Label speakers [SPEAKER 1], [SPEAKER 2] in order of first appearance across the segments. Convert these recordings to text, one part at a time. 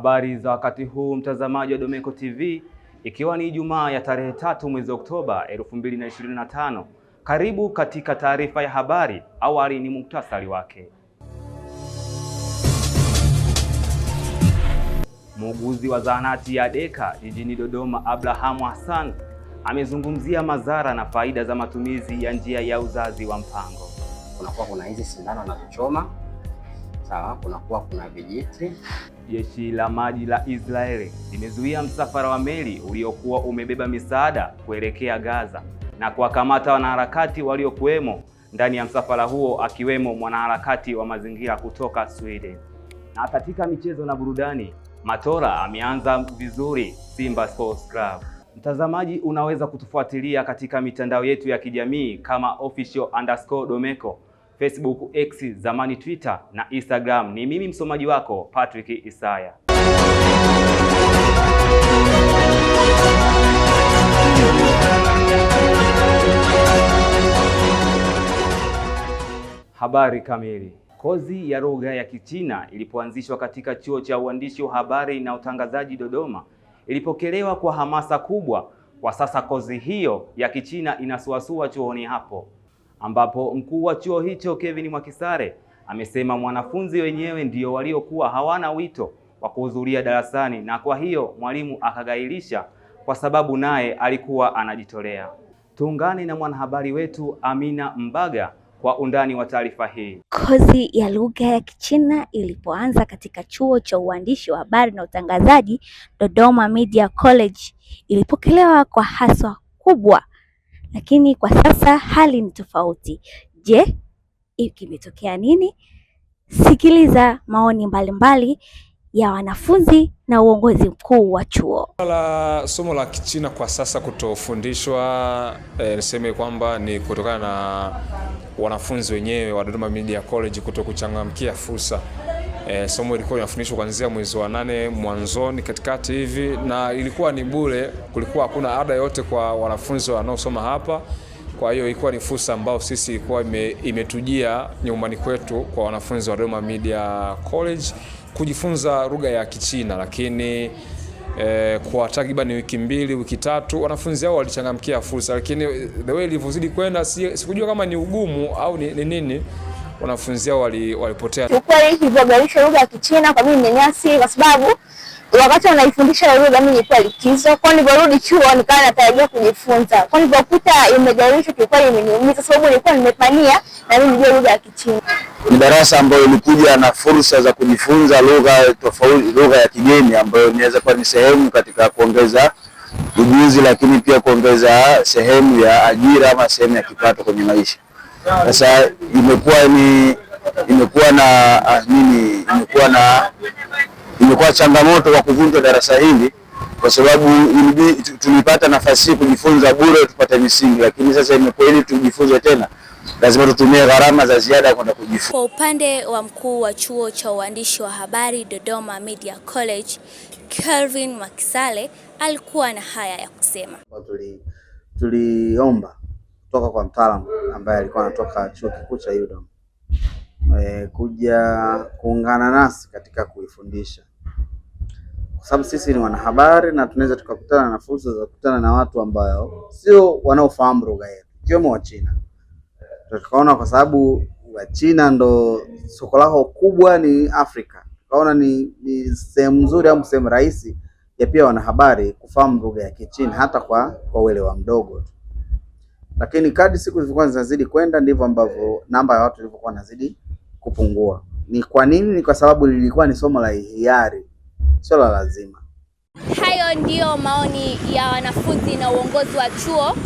[SPEAKER 1] Habari za wakati huu mtazamaji wa Domeko TV, ikiwa ni Ijumaa ya tarehe tatu mwezi Oktoba 2025. Karibu katika taarifa ya habari. Awali ni muktasari wake. Muuguzi wa zahanati ya Deka jijini Dodoma, Abrahamu Hassan amezungumzia madhara na faida za matumizi ya njia ya uzazi wa mpango. Kunakuwa kuna hizi sindano na kuchoma, sawa. Kunakuwa kuna vijiti
[SPEAKER 2] jeshi la maji la Israeli limezuia msafara wa meli uliokuwa umebeba misaada kuelekea Gaza na kuwakamata wanaharakati waliokuwemo ndani ya msafara huo akiwemo mwanaharakati wa mazingira kutoka Sweden. Na katika michezo na burudani, Matola ameanza vizuri Simba Sports Club. Mtazamaji, unaweza kutufuatilia katika mitandao yetu ya kijamii kama official underscore Domeko Facebook, X zamani Twitter na Instagram. Ni mimi msomaji wako Patrick Isaya. Habari kamili. Kozi ya lugha ya Kichina ilipoanzishwa katika chuo cha uandishi wa habari na utangazaji Dodoma, ilipokelewa kwa hamasa kubwa. Kwa sasa kozi hiyo ya Kichina inasuasua chuoni hapo ambapo mkuu wa chuo hicho Kevin Mwakisare amesema mwanafunzi wenyewe ndio waliokuwa hawana wito wa kuhudhuria darasani na kwa hiyo mwalimu akagailisha kwa sababu naye alikuwa anajitolea. Tuungane na mwanahabari wetu Amina Mbaga kwa undani wa taarifa hii.
[SPEAKER 3] Kozi ya lugha ya Kichina ilipoanza katika chuo cha uandishi wa habari na utangazaji Dodoma Media College ilipokelewa kwa haswa kubwa lakini kwa sasa hali ni tofauti. Je, kimetokea nini? Sikiliza maoni mbalimbali mbali ya wanafunzi na uongozi mkuu wa chuo.
[SPEAKER 4] La somo la Kichina kwa sasa kutofundishwa, eh, niseme kwamba ni kutokana na wanafunzi wenyewe wa Dodoma Media College kutokuchangamkia fursa E, somo ilikuwa inafundishwa kuanzia mwezi wa nane mwanzoni, katikati hivi, na ilikuwa ni bure, kulikuwa hakuna ada yote kwa wanafunzi wanaosoma hapa. Kwa hiyo ilikuwa ni fursa ambayo sisi ilikuwa ime, imetujia nyumbani kwetu kwa wanafunzi wa Dodoma Media College kujifunza lugha ya Kichina, lakini e, kwa takriban wiki mbili wiki tatu wanafunzi hao walichangamkia fursa, lakini the way ilivyozidi kwenda, sikujua kama ni ugumu au ni, ni nini wanafunzi hao walipotea.
[SPEAKER 5] Ukweli hivyo garisha lugha ya Kichina kwa mimi nimenyasi, kwa sababu wakati wanaifundisha lugha mimi nilikuwa likizo, kwa nilivyorudi chuo nikawa natarajia kujifunza, kwa nilivyokuta imegairishwa, kiukweli imeniumiza, sababu nilikuwa nimepania na mimi nijue lugha ya Kichina.
[SPEAKER 6] Ni darasa ambayo ilikuja na fursa za kujifunza lugha tofauti, lugha ya kigeni ambayo inaweza kuwa ni sehemu katika kuongeza ujuzi, lakini pia kuongeza sehemu ya ajira ama sehemu ya kipato kwenye maisha. Sasa imekuwa ni imekuwa na ah, nini imekuwa na imekuwa changamoto kwa kuvunja darasa hili kwa sababu tulipata nafasi hii kujifunza bure, tupate misingi, lakini sasa imekuwa ili tujifunze tena lazima tutumie gharama za ziada kwenda kujifunza.
[SPEAKER 3] Kwa upande wa mkuu wa chuo cha uandishi wa habari Dodoma Media College, Kelvin Makisale alikuwa na haya ya kusema.
[SPEAKER 7] Tuliomba kutoka kwa mtaalamu ambaye alikuwa anatoka chuo kikuu cha UDOM e, kuja kuungana nasi katika kuifundisha, kwa sababu sisi ni wanahabari na tunaweza tukakutana na fursa za kukutana na watu ambao sio wanaofahamu lugha yetu, ikiwemo Wachina. Tukaona kwa sababu Wachina ndo soko lao kubwa ni Afrika, tukaona ni, ni sehemu nzuri au sehemu rahisi ya pia wanahabari kufahamu lugha ya Kichina hata kwa kwa uelewa mdogo tu lakini kadri siku zilivyokuwa zinazidi kwenda ndivyo ambavyo namba ya watu ilivyokuwa inazidi kupungua. Ni kwa nini? Ni kwa sababu lilikuwa ni somo la hiari, sio la lazima.
[SPEAKER 3] Hayo ndiyo maoni ya wanafunzi na uongozi wa chuo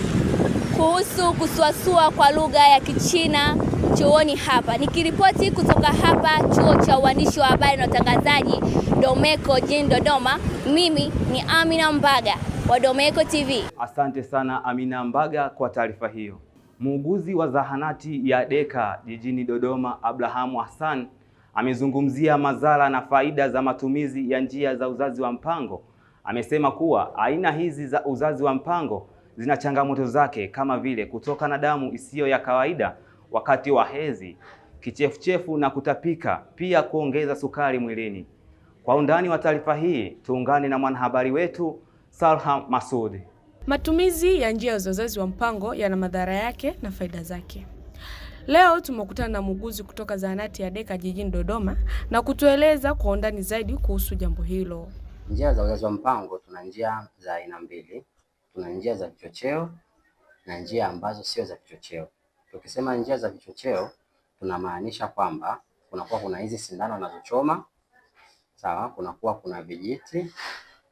[SPEAKER 3] kuhusu kusuasua kwa lugha ya Kichina chuoni hapa. Nikiripoti kutoka hapa chuo cha uandishi wa habari na utangazaji Domeko jijini Dodoma, mimi ni Amina Mbaga wa Domeko TV.
[SPEAKER 2] Asante sana Amina Mbaga kwa taarifa hiyo. Muuguzi wa zahanati ya Deka jijini Dodoma, Abrahamu Hassan amezungumzia madhara na faida za matumizi ya njia za uzazi wa mpango. Amesema kuwa aina hizi za uzazi wa mpango zina changamoto zake kama vile kutoka na damu isiyo ya kawaida wakati wa hedhi, kichefuchefu na kutapika, pia kuongeza sukari mwilini. Kwa undani wa taarifa hii, tuungane na mwanahabari wetu Salha Masudi.
[SPEAKER 8] Matumizi ya njia za uzazi wa mpango yana madhara yake na faida zake. Leo tumekutana na muuguzi kutoka zahanati ya Deka jijini Dodoma na kutueleza kwa undani zaidi kuhusu jambo hilo.
[SPEAKER 9] Njia za uzazi wa mpango, tuna njia za aina mbili, tuna njia za vichocheo na njia ambazo sio za vichocheo. Tukisema njia za vichocheo, tunamaanisha kwamba kunakuwa kuna hizi sindano anazochoma, sawa, kunakuwa kuna vijiti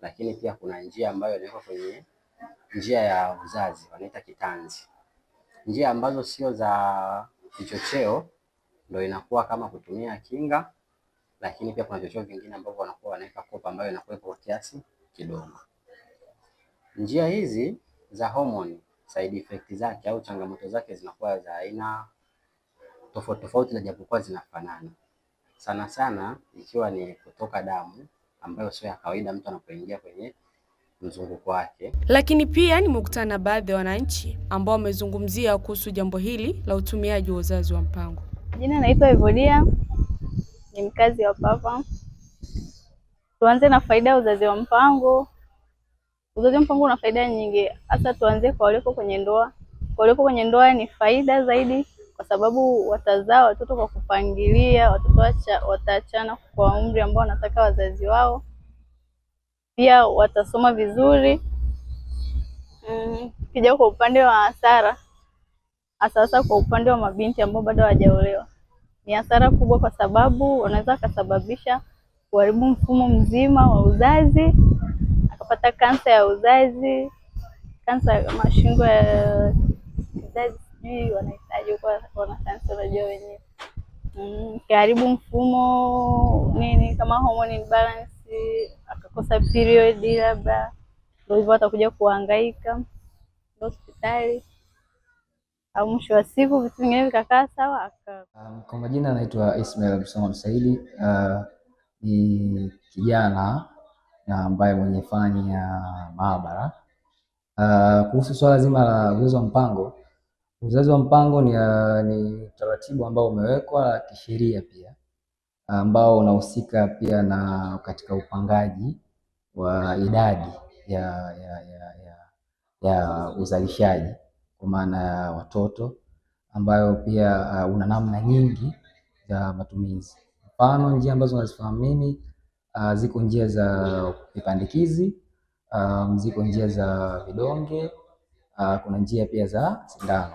[SPEAKER 9] lakini pia kuna njia ambayo inawekwa kwenye njia ya uzazi wanaita kitanzi. Njia ambazo sio za kichocheo ndo inakuwa kama kutumia kinga, lakini pia kuna vichocheo vingine ambavyo wanakuwa wanaweka kopa ambayo inakuwepo kwa kiasi kidogo. Njia hizi za homoni side effect zake au changamoto zake zinakuwa za aina tofauti tofauti na japokuwa zinafanana sana sana, ikiwa ni kutoka damu ambayo sio ya kawaida mtu anapoingia kwenye mzunguko wake.
[SPEAKER 8] Lakini pia nimekutana na baadhi ya wananchi ambao wamezungumzia kuhusu jambo hili la utumiaji wa uzazi wa mpango.
[SPEAKER 10] Jina naitwa Evodia, ni mkazi wa Papa. Tuanze na faida ya uzazi wa mpango. Uzazi wa mpango una faida nyingi, hasa tuanze kwa walioko kwenye ndoa. Kwa walioko kwenye ndoa ni faida zaidi kwa sababu watazaa watoto kwa kupangilia. Watoto wataachana kwa umri ambao wanataka wazazi wao, pia watasoma vizuri. Mm, kija kwa upande wa hasara, hasahasa kwa upande wa mabinti ambao bado hawajaolewa, ni hasara kubwa, kwa sababu wanaweza wakasababisha kuharibu mfumo mzima wa uzazi, akapata kansa ya uzazi, kansa ya mashingo ya sijui wanahitaji huko wanasayansi, wanajua wenyewe mm, karibu mfumo nini kama hormone imbalance, akakosa period labda, ndio hivyo atakuja kuhangaika hospitali au mwisho wa siku vitu vingine vikakaa sawa.
[SPEAKER 11] Um, kwa majina anaitwa Ismail Abdulsalam Saidi. Uh, ni kijana ambaye mwenye fani ya maabara. Uh, kuhusu swala zima la uwezo wa mpango Uzazi wa mpango ni, uh, ni utaratibu ambao umewekwa kisheria pia ambao unahusika pia na katika upangaji wa idadi ya, ya, ya, ya, ya uzalishaji kwa maana ya watoto ambayo pia uh, una namna nyingi za matumizi. Mfano, njia ambazo nazifahamu mimi uh, ah, ziko njia za vipandikizi um, ziko njia za vidonge uh, kuna njia pia za sindano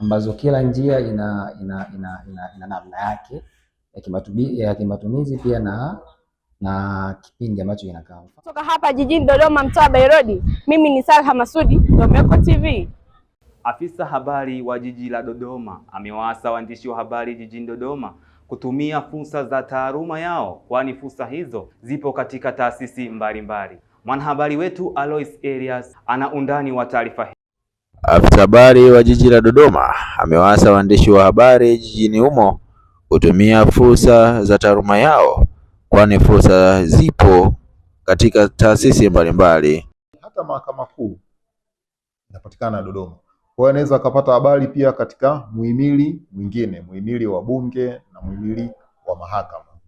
[SPEAKER 11] ambazo kila njia ina ina ina, ina, ina namna yake ya kimatumizi, ya kimatumizi pia na na kipindi ambacho inakaa.
[SPEAKER 3] Kutoka hapa jijini Dodoma, mtaa Bairodi, mimi ni Salha Masudi, Domeko TV.
[SPEAKER 2] Afisa habari wa jiji la Dodoma amewaasa waandishi wa habari jijini Dodoma kutumia fursa za taaluma yao, kwani fursa hizo zipo katika taasisi mbalimbali. Mwanahabari wetu Alois Elias ana undani wa taarifa hii.
[SPEAKER 12] Afisa habari wa jiji la Dodoma amewaasa waandishi wa habari jijini humo kutumia fursa za taaluma yao, kwani fursa zipo katika taasisi mbalimbali.
[SPEAKER 13] Hata mahakama kuu inapatikana Dodoma, kwa hiyo anaweza akapata habari pia katika muhimili mwingine, muhimili wa bunge na muhimili wa mahakama.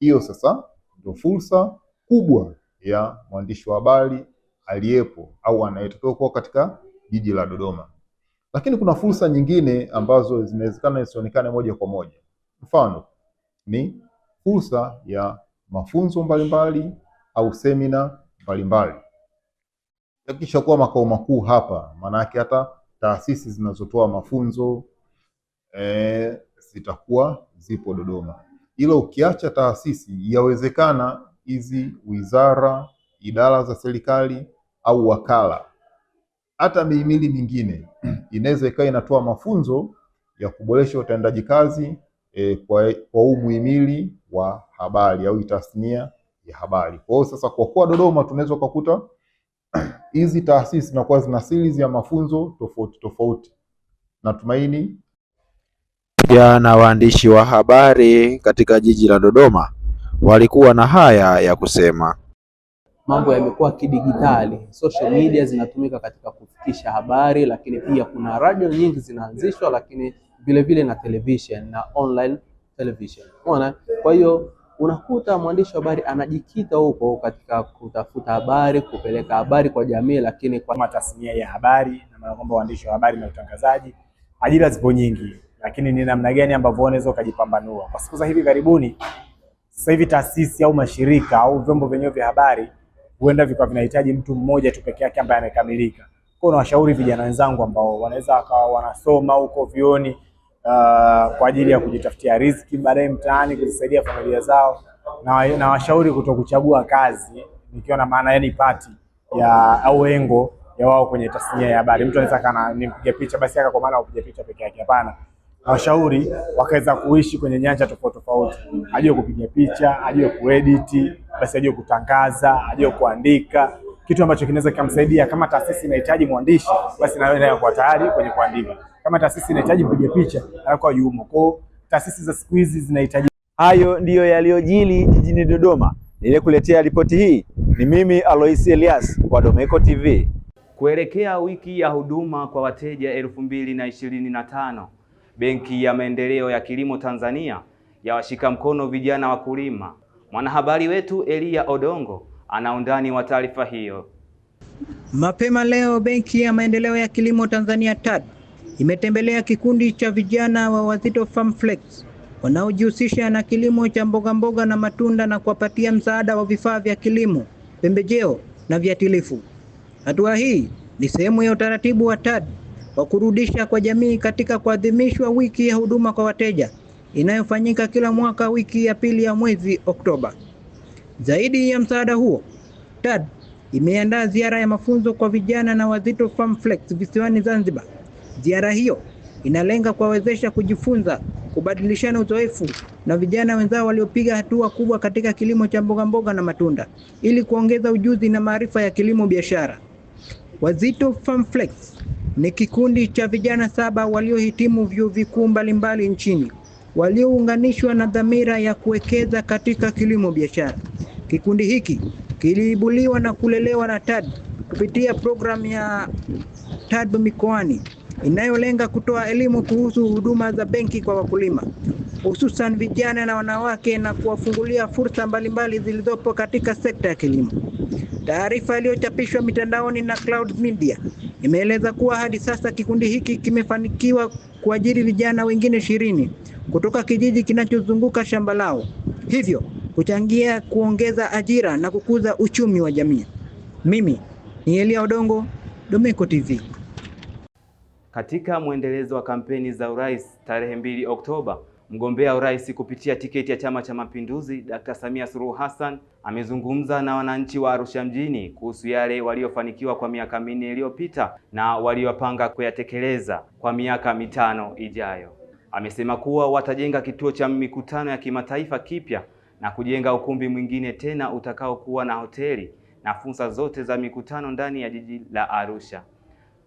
[SPEAKER 13] Hiyo sasa ndio fursa kubwa ya mwandishi wa habari aliyepo au anayetokewa kuwa katika jiji la Dodoma. Lakini kuna fursa nyingine ambazo zinawezekana zisionekane moja kwa moja. Mfano ni fursa ya mafunzo mbalimbali au semina mbalimbali. Hakikisha kuwa makao makuu hapa, maanake hata taasisi zinazotoa mafunzo e, zitakuwa zipo Dodoma. Ila ukiacha taasisi, yawezekana hizi wizara, idara za serikali au wakala hata mihimili mingine inaweza ikawa inatoa mafunzo ya kuboresha utendaji kazi e, kwa huu muhimili wa habari au tasnia ya habari. Kwa hiyo sasa, kwa kuwa Dodoma tunaweza kukuta hizi taasisi zinakuwa zina series ya mafunzo tofauti tofauti. Natumaini
[SPEAKER 12] na waandishi wa habari katika jiji la Dodoma walikuwa na haya ya kusema
[SPEAKER 14] mambo yamekuwa kidigitali, social media zinatumika katika kufikisha habari, lakini pia kuna radio nyingi zinaanzishwa, lakini vile vile na television na online television. Unaona, kwa hiyo unakuta mwandishi wa habari anajikita huko katika kutafuta habari, kupeleka habari kwa jamii, lakini
[SPEAKER 15] kwa tasnia ya habari, na maana kwamba waandishi wa habari na utangazaji ajira zipo nyingi, lakini ni namna gani ambavyo unaweza ukajipambanua kwa siku za hivi karibuni. Sasa hivi taasisi au mashirika au vyombo vyenyewe vya habari huenda vikawa vinahitaji mtu mmoja tu peke yake ambaye amekamilika. Kwa hiyo nawashauri vijana wenzangu ambao wanaweza wakawa wanasoma huko vioni uh, ah, kwa ajili ya kujitafutia riziki baadaye mtaani kuzisaidia familia zao, na nawashauri kutokuchagua kazi nikiwa na maana yani pati ya au engo ya wao kwenye tasnia ya habari. Mtu anaweza kana nimpiga picha basi aka kwa maana upiga picha peke yake, hapana washauri wakaweza kuishi kwenye nyanja tofauti tofauti, ajue kupiga picha, ajue kuedit, basi ajue kutangaza, ajue kuandika, kitu ambacho kinaweza kikamsaidia. Kama taasisi inahitaji mwandishi, basi na yeye kwa tayari kwenye kuandika. Kama taasisi inahitaji mpiga picha, anakuwa yumo. Kwa taasisi za siku hizi zinahitaji.
[SPEAKER 2] Hayo ndiyo yaliyojili jijini Dodoma. Niliyekuletea ripoti hii ni mimi Alois Elias wa Domeko TV. Kuelekea wiki ya huduma kwa wateja elfu mbili na ishirini na tano Benki ya Maendeleo ya Kilimo Tanzania yawashika mkono vijana wakulima. Mwanahabari wetu Elia Odongo ana undani wa taarifa hiyo.
[SPEAKER 16] Mapema leo Benki ya Maendeleo ya Kilimo Tanzania TAD imetembelea kikundi cha vijana wa Wazito Farm Flex wanaojihusisha na kilimo cha mboga mboga na matunda na kuwapatia msaada wa vifaa vya kilimo, pembejeo na viatilifu. Hatua hii ni sehemu ya utaratibu wa TAD wa kurudisha kwa jamii katika kuadhimishwa wiki ya huduma kwa wateja inayofanyika kila mwaka wiki ya pili ya mwezi Oktoba. Zaidi ya msaada huo, TAD imeandaa ziara ya mafunzo kwa vijana na wazito Flex visiwani Zanzibar. Ziara hiyo inalenga kuwawezesha kujifunza, kubadilishana uzoefu na vijana wenzao waliopiga hatua kubwa katika kilimo cha mbogamboga na matunda ili kuongeza ujuzi na maarifa ya kilimo biashara. Wazito Flex ni kikundi cha vijana saba waliohitimu vyuo vikuu mbalimbali nchini waliounganishwa na dhamira ya kuwekeza katika kilimo biashara. Kikundi hiki kiliibuliwa na kulelewa na TADB kupitia programu ya TADB mikoani inayolenga kutoa elimu kuhusu huduma za benki kwa wakulima hususan vijana na wanawake na kuwafungulia fursa mbalimbali zilizopo katika sekta ya kilimo. Taarifa iliyochapishwa mitandaoni na Cloud Media imeeleza kuwa hadi sasa kikundi hiki kimefanikiwa kuajiri vijana wengine ishirini kutoka kijiji kinachozunguka shamba lao, hivyo kuchangia kuongeza ajira na kukuza uchumi wa jamii. Mimi ni Elia Odongo, Domeko TV.
[SPEAKER 2] Katika mwendelezo wa kampeni za urais tarehe mbili Oktoba, mgombea urais kupitia tiketi ya Chama cha Mapinduzi, Dkt. Samia Suluhu Hassan amezungumza na wananchi wa Arusha mjini kuhusu yale waliofanikiwa kwa miaka minne iliyopita na waliopanga kuyatekeleza kwa miaka mitano ijayo. Amesema kuwa watajenga kituo cha mikutano ya kimataifa kipya na kujenga ukumbi mwingine tena utakaokuwa na hoteli na fursa zote za mikutano ndani ya jiji la Arusha.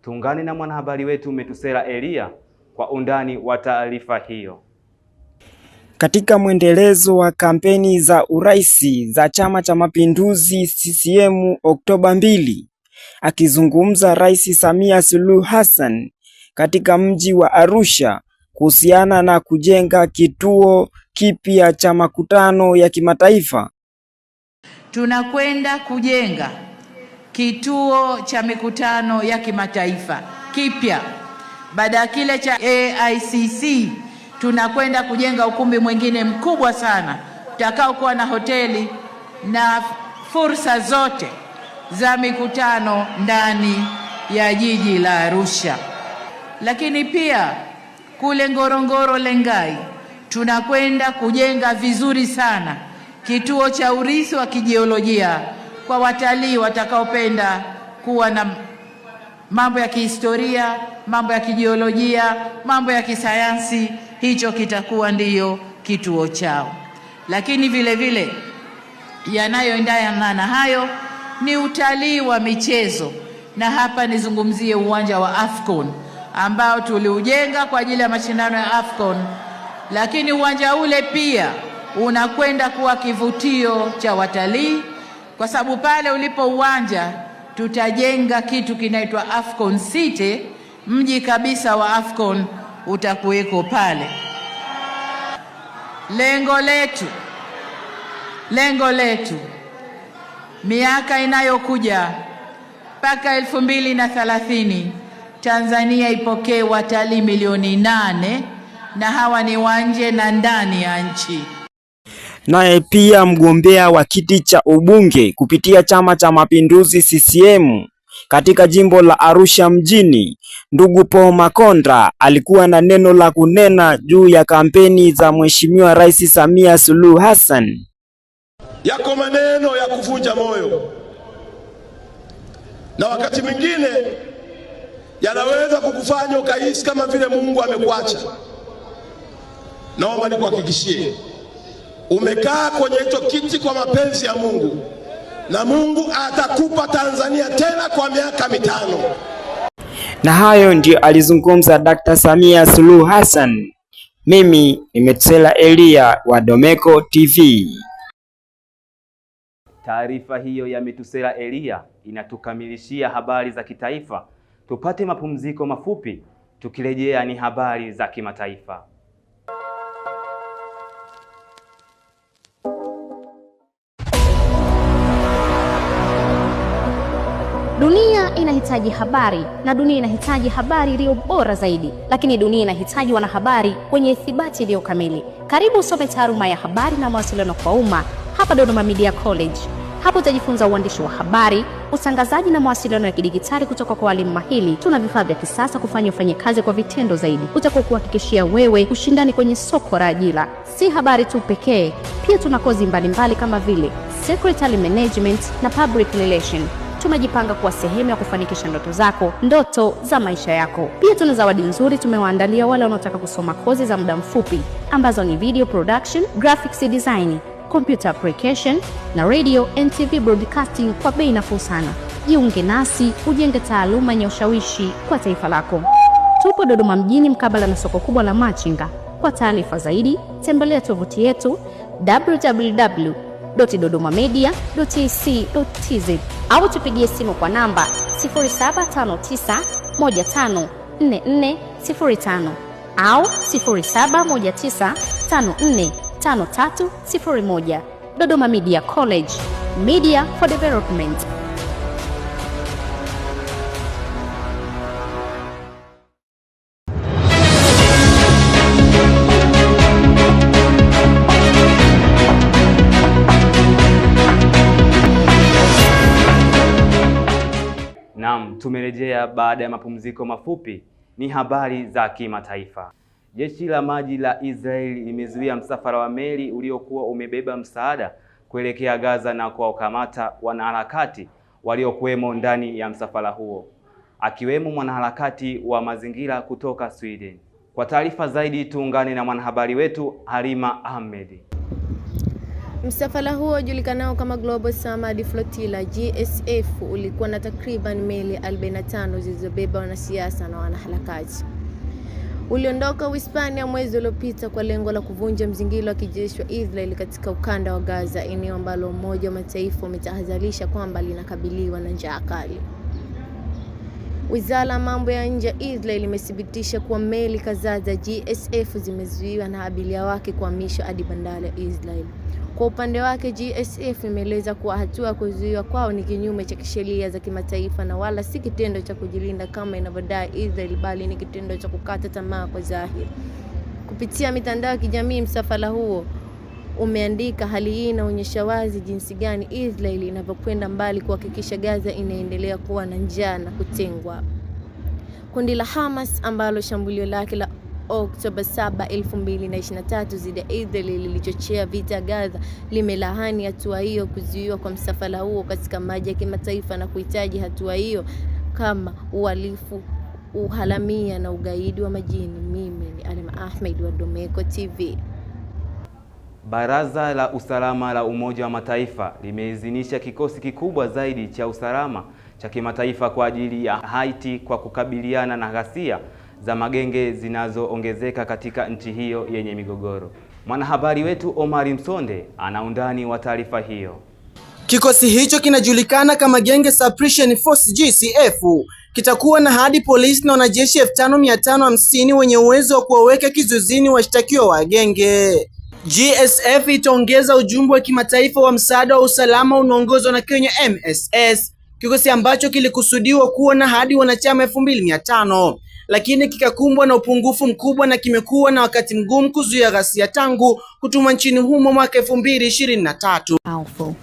[SPEAKER 2] Tuungane na mwanahabari wetu Metusela Elia kwa undani wa taarifa hiyo.
[SPEAKER 17] Katika mwendelezo wa kampeni za uraisi za Chama cha Mapinduzi CCM Oktoba mbili, akizungumza Rais Samia Suluhu Hassan katika mji wa Arusha kuhusiana na kujenga kituo kipya cha makutano ya kimataifa.
[SPEAKER 18] Tunakwenda kujenga kituo cha mikutano ya kimataifa kipya. Baada ya kile cha AICC, tunakwenda kujenga ukumbi mwingine mkubwa sana utakaokuwa na hoteli na fursa zote za mikutano ndani ya jiji la Arusha. Lakini pia kule Ngorongoro Lengai tunakwenda kujenga vizuri sana kituo cha urithi wa kijiolojia kwa watalii watakaopenda kuwa na mambo ya kihistoria, mambo ya kijiolojia, mambo ya kisayansi. Hicho kitakuwa ndiyo kituo chao, lakini vile vile yanayoendana na hayo ni utalii wa michezo, na hapa nizungumzie uwanja wa Afcon ambao tuliujenga kwa ajili ya mashindano ya Afcon, lakini uwanja ule pia unakwenda kuwa kivutio cha watalii kwa sababu pale ulipo uwanja tutajenga kitu kinaitwa Afcon City, mji kabisa wa Afcon utakuweko pale. Lengo letu lengo letu miaka inayokuja mpaka elfu mbili na thalathini Tanzania ipokee watalii milioni nane na hawa ni wa nje na ndani ya nchi
[SPEAKER 17] naye pia mgombea wa kiti cha ubunge kupitia Chama cha Mapinduzi CCM katika jimbo la Arusha mjini, ndugu Paul Makonda alikuwa na neno la kunena juu ya kampeni za Mheshimiwa Rais Samia Suluhu Hassan.
[SPEAKER 19] Yako maneno ya kuvunja moyo na wakati mwingine yanaweza kukufanya ukahisi kama vile Mungu amekuacha. Naomba nikuhakikishie umekaa kwenye hicho kiti kwa mapenzi ya Mungu, na Mungu atakupa Tanzania tena kwa miaka mitano.
[SPEAKER 17] Na hayo ndiyo alizungumza dkt Samia Suluhu Hassan. Mimi ni Metsela Elia wa Domeko TV.
[SPEAKER 2] Taarifa hiyo ya Metsela Elia inatukamilishia habari za kitaifa. Tupate mapumziko mafupi, tukirejea ni habari za kimataifa.
[SPEAKER 20] inahitaji habari na dunia inahitaji habari iliyo bora zaidi, lakini dunia inahitaji wanahabari wenye ithibati iliyo kamili. Karibu usome taaluma ya habari na mawasiliano kwa umma hapa Dodoma Media College. Hapo utajifunza uandishi wa habari, utangazaji na mawasiliano ya kidigitali kutoka kwa walimu mahili. Tuna vifaa vya kisasa kufanya ufanye kazi kwa vitendo zaidi, utakuwa kuhakikishia wewe ushindani kwenye soko la ajira. Si habari tu pekee, pia tuna kozi mbalimbali kama vile secretary management na public Relations tumejipanga kuwa sehemu ya kufanikisha ndoto zako, ndoto za maisha yako. Pia tuna zawadi nzuri tumewaandalia wale wanaotaka kusoma kozi za muda mfupi ambazo ni video production, graphics design, computer application na radio and TV broadcasting kwa bei nafuu sana. Jiunge nasi ujenge taaluma yenye ushawishi kwa taifa lako. Tupo Dodoma mjini mkabala na soko kubwa la Machinga. Kwa taarifa zaidi tembelea tovuti yetu www www.dodomamedia.ac.tz au tupigie simu kwa namba 0759154405 au 0719545301. Dodoma Media College, Media for Development.
[SPEAKER 2] baada ya mapumziko mafupi. Ni habari za kimataifa. Jeshi la maji la Israeli limezuia msafara wa meli uliokuwa umebeba msaada kuelekea Gaza na kuwakamata wanaharakati waliokuwemo ndani ya msafara huo, akiwemo mwanaharakati wa mazingira kutoka Sweden. Kwa taarifa zaidi tuungane na mwanahabari wetu Halima Ahmed.
[SPEAKER 21] Msafara huo ujulikanao kama Global Samad Flotilla GSF ulikuwa na takriban meli 45 zilizobeba wanasiasa na wanaharakati. Uliondoka Uhispania mwezi uliopita kwa lengo la kuvunja mzingiro wa kijeshi wa Israel katika ukanda wa Gaza, eneo ambalo Umoja wa Mataifa umetahadharisha kwamba linakabiliwa na njaa kali. Wizara ya mambo ya nje ya Israel imethibitisha kuwa meli kadhaa za GSF zimezuiwa na abiria wake kuhamishwa hadi bandari ya Israel. Kwa upande wake GSF imeeleza kuwa hatua ya kuzuiwa kwao ni kinyume cha sheria za kimataifa na wala si kitendo cha kujilinda kama inavyodai Israel, bali ni kitendo cha kukata tamaa kwa dhahiri. Kupitia mitandao ya kijamii, msafara huo umeandika, hali hii inaonyesha wazi jinsi gani Israel inavyokwenda mbali kuhakikisha Gaza inaendelea kuwa na njaa na kutengwa. Kundi la Hamas ambalo shambulio lake la Oktoba 7, 2023 dhidi ya Israel lilichochea vita Gaza limelaani hatua hiyo, kuzuiwa kwa msafara huo katika maji ya kimataifa na kuhitaji hatua hiyo kama uhalifu, uhalamia na ugaidi wa majini. Mimi ni Alima Ahmed wa Domeko TV.
[SPEAKER 2] Baraza la Usalama la Umoja wa Mataifa limeidhinisha kikosi kikubwa zaidi cha usalama cha kimataifa kwa ajili ya Haiti kwa kukabiliana na ghasia za magenge zinazoongezeka katika nchi hiyo yenye migogoro. Mwanahabari wetu Omari Msonde ana undani wa taarifa hiyo.
[SPEAKER 22] Kikosi hicho kinajulikana kama Genge Suppression Force GCF kitakuwa na hadi polisi na wanajeshi 5550 wenye uwezo wa kuwaweka kizuizini washtakiwa wa genge. GSF itaongeza ujumbe wa kimataifa wa msaada wa usalama unaongozwa na Kenya MSS, kikosi ambacho kilikusudiwa kuwa na hadi wanachama 2500 lakini kikakumbwa na upungufu mkubwa na kimekuwa na wakati mgumu kuzuia ghasia tangu kutumwa nchini humo mwaka 2023.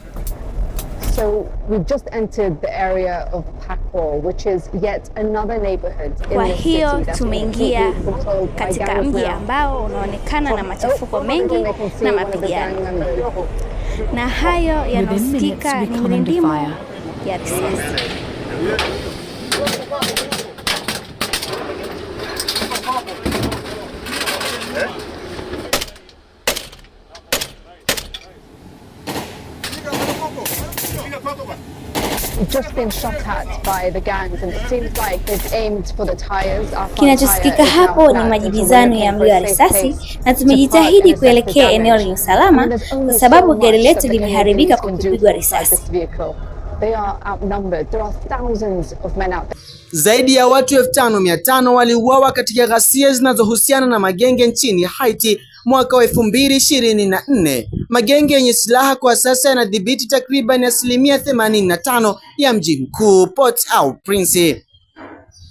[SPEAKER 23] So we've just entered the area of Pakwal, which is yet another neighborhood. in Kwa hiyo
[SPEAKER 24] tumeingia katika mji ambao unaonekana na machafuko mengi na mapigano, na hayo yanayosikika ni milindimo ya risasi. Kinachosikika hapo ni majibizano ya mlio wa risasi, na tumejitahidi kuelekea eneo lenye usalama kwa sababu gari letu limeharibika kwa kupigwa risasi.
[SPEAKER 22] Zaidi ya watu 5 tano waliuawa katika ghasia zinazohusiana na magenge nchini Haiti Mwaka wa elfu mbili ishirini na nne magenge yenye silaha kwa sasa yanadhibiti takriban asilimia themanini na tano ya mji mkuu Port au Prince.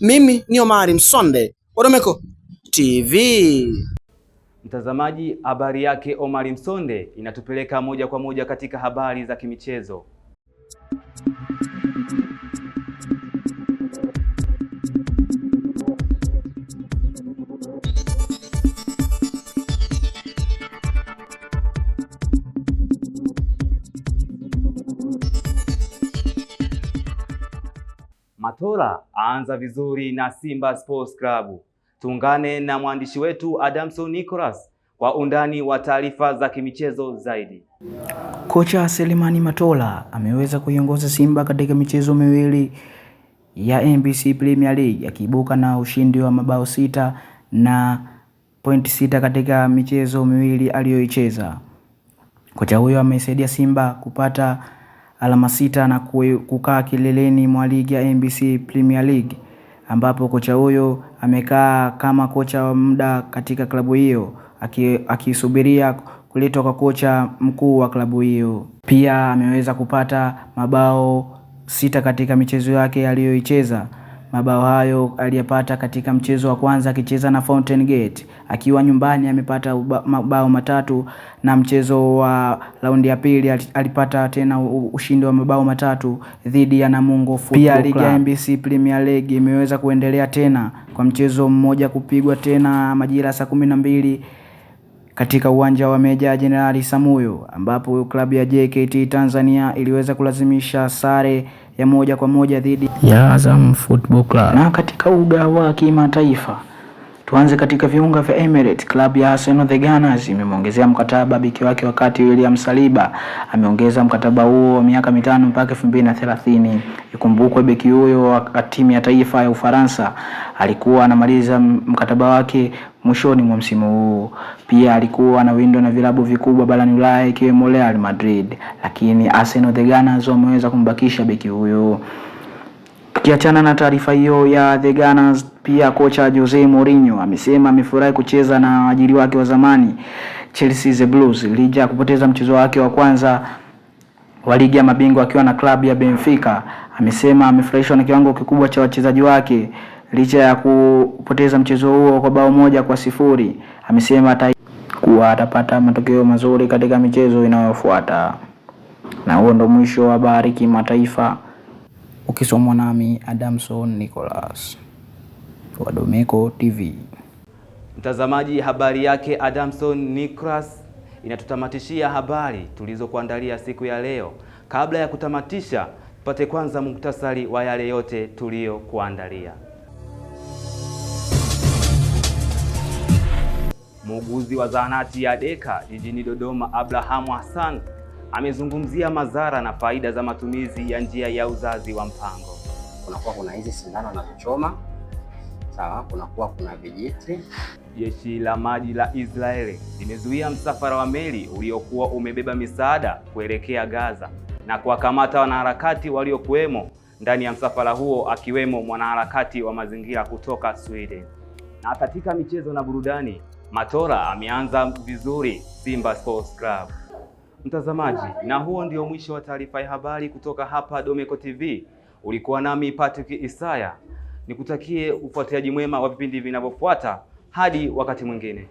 [SPEAKER 22] Mimi ni Omari Msonde, Oromeko TV.
[SPEAKER 2] Mtazamaji, habari yake Omari Msonde inatupeleka moja kwa moja katika habari za kimichezo. Matola aanza vizuri na Simba Sports Club. Tuungane na mwandishi wetu Adamson Nicholas kwa undani wa taarifa za kimichezo zaidi.
[SPEAKER 25] Kocha Selemani Matola ameweza kuiongoza Simba katika michezo miwili ya NBC Premier League akiibuka na ushindi wa mabao sita na point sita katika michezo miwili aliyoicheza. Kocha huyo amesaidia Simba kupata alama sita na kukaa kileleni mwa ligi ya NBC Premier League ambapo kocha huyo amekaa kama kocha wa muda katika klabu hiyo akisubiria aki kuletwa kwa kocha mkuu wa klabu hiyo. Pia ameweza kupata mabao sita katika michezo yake aliyoicheza. Mabao hayo aliyapata katika mchezo wa kwanza akicheza na Fountain Gate. Akiwa nyumbani amepata mabao matatu na mchezo wa raundi ya pili alipata tena ushindi wa mabao matatu dhidi ya Namungo Football Club. Pia ligi ya NBC Premier League imeweza kuendelea tena kwa mchezo mmoja kupigwa tena majira saa kumi na mbili katika uwanja wa Meja Jenerali Samuyo ambapo klabu ya JKT Tanzania iliweza kulazimisha sare ya moja kwa moja dhidi
[SPEAKER 26] ya Azam Football Club. Na katika uga wa kimataifa tuanze katika viunga vya Emirates. Klabu ya Arsenal the Gunners imemwongezea mkataba beki wake wakati William Saliba ameongeza mkataba huo wa miaka mitano mpaka 2030. Ikumbukwe beki huyo wa timu ya taifa ya Ufaransa alikuwa anamaliza mkataba wake Mwishoni mwa msimu huu pia alikuwa anawindwa na vilabu vikubwa barani Ulaya ikiwemo Real Madrid, lakini Arsenal the Gunners wameweza kumbakisha beki huyo. Tukiachana na taarifa hiyo ya the Gunners, pia kocha Jose Mourinho amesema amefurahi kucheza na waajiri wake wa zamani Chelsea the Blues lija kupoteza mchezo wake wa kwanza wa ligi ya mabingwa akiwa na klabu ya Benfica. Amesema amefurahishwa na kiwango kikubwa cha wachezaji wake licha ya kupoteza mchezo huo kwa bao moja kwa sifuri. Amesema ta kuwa atapata matokeo mazuri katika michezo inayofuata. Na huo ndo mwisho wa habari kimataifa,
[SPEAKER 27] ukisomwa nami Adamson Nicholas wa Domeko TV.
[SPEAKER 2] Mtazamaji, habari yake Adamson Nicholas inatutamatishia habari tulizokuandalia siku ya leo. Kabla ya kutamatisha, pate kwanza muktasari wa yale yote tuliyokuandalia. Muuguzi wa zahanati ya Deka jijini Dodoma, Abrahamu Hassan amezungumzia madhara na faida za matumizi ya njia ya uzazi wa mpango.
[SPEAKER 1] Kunakuwa kuna hizi sindano kuchoma, sawa, kunakuwa kuna vijiti.
[SPEAKER 2] Jeshi la maji la Israeli limezuia msafara wa meli uliokuwa umebeba misaada kuelekea Gaza na kuwakamata wanaharakati waliokuwemo ndani ya msafara huo akiwemo mwanaharakati wa mazingira kutoka Sweden. Na katika michezo na burudani, Matora ameanza vizuri Simba Sports Club. Mtazamaji, na huo ndio mwisho wa taarifa ya habari kutoka hapa Domeko TV. Ulikuwa nami Patrick Isaya, nikutakie ufuatiliaji mwema wa vipindi vinavyofuata. Hadi wakati mwingine.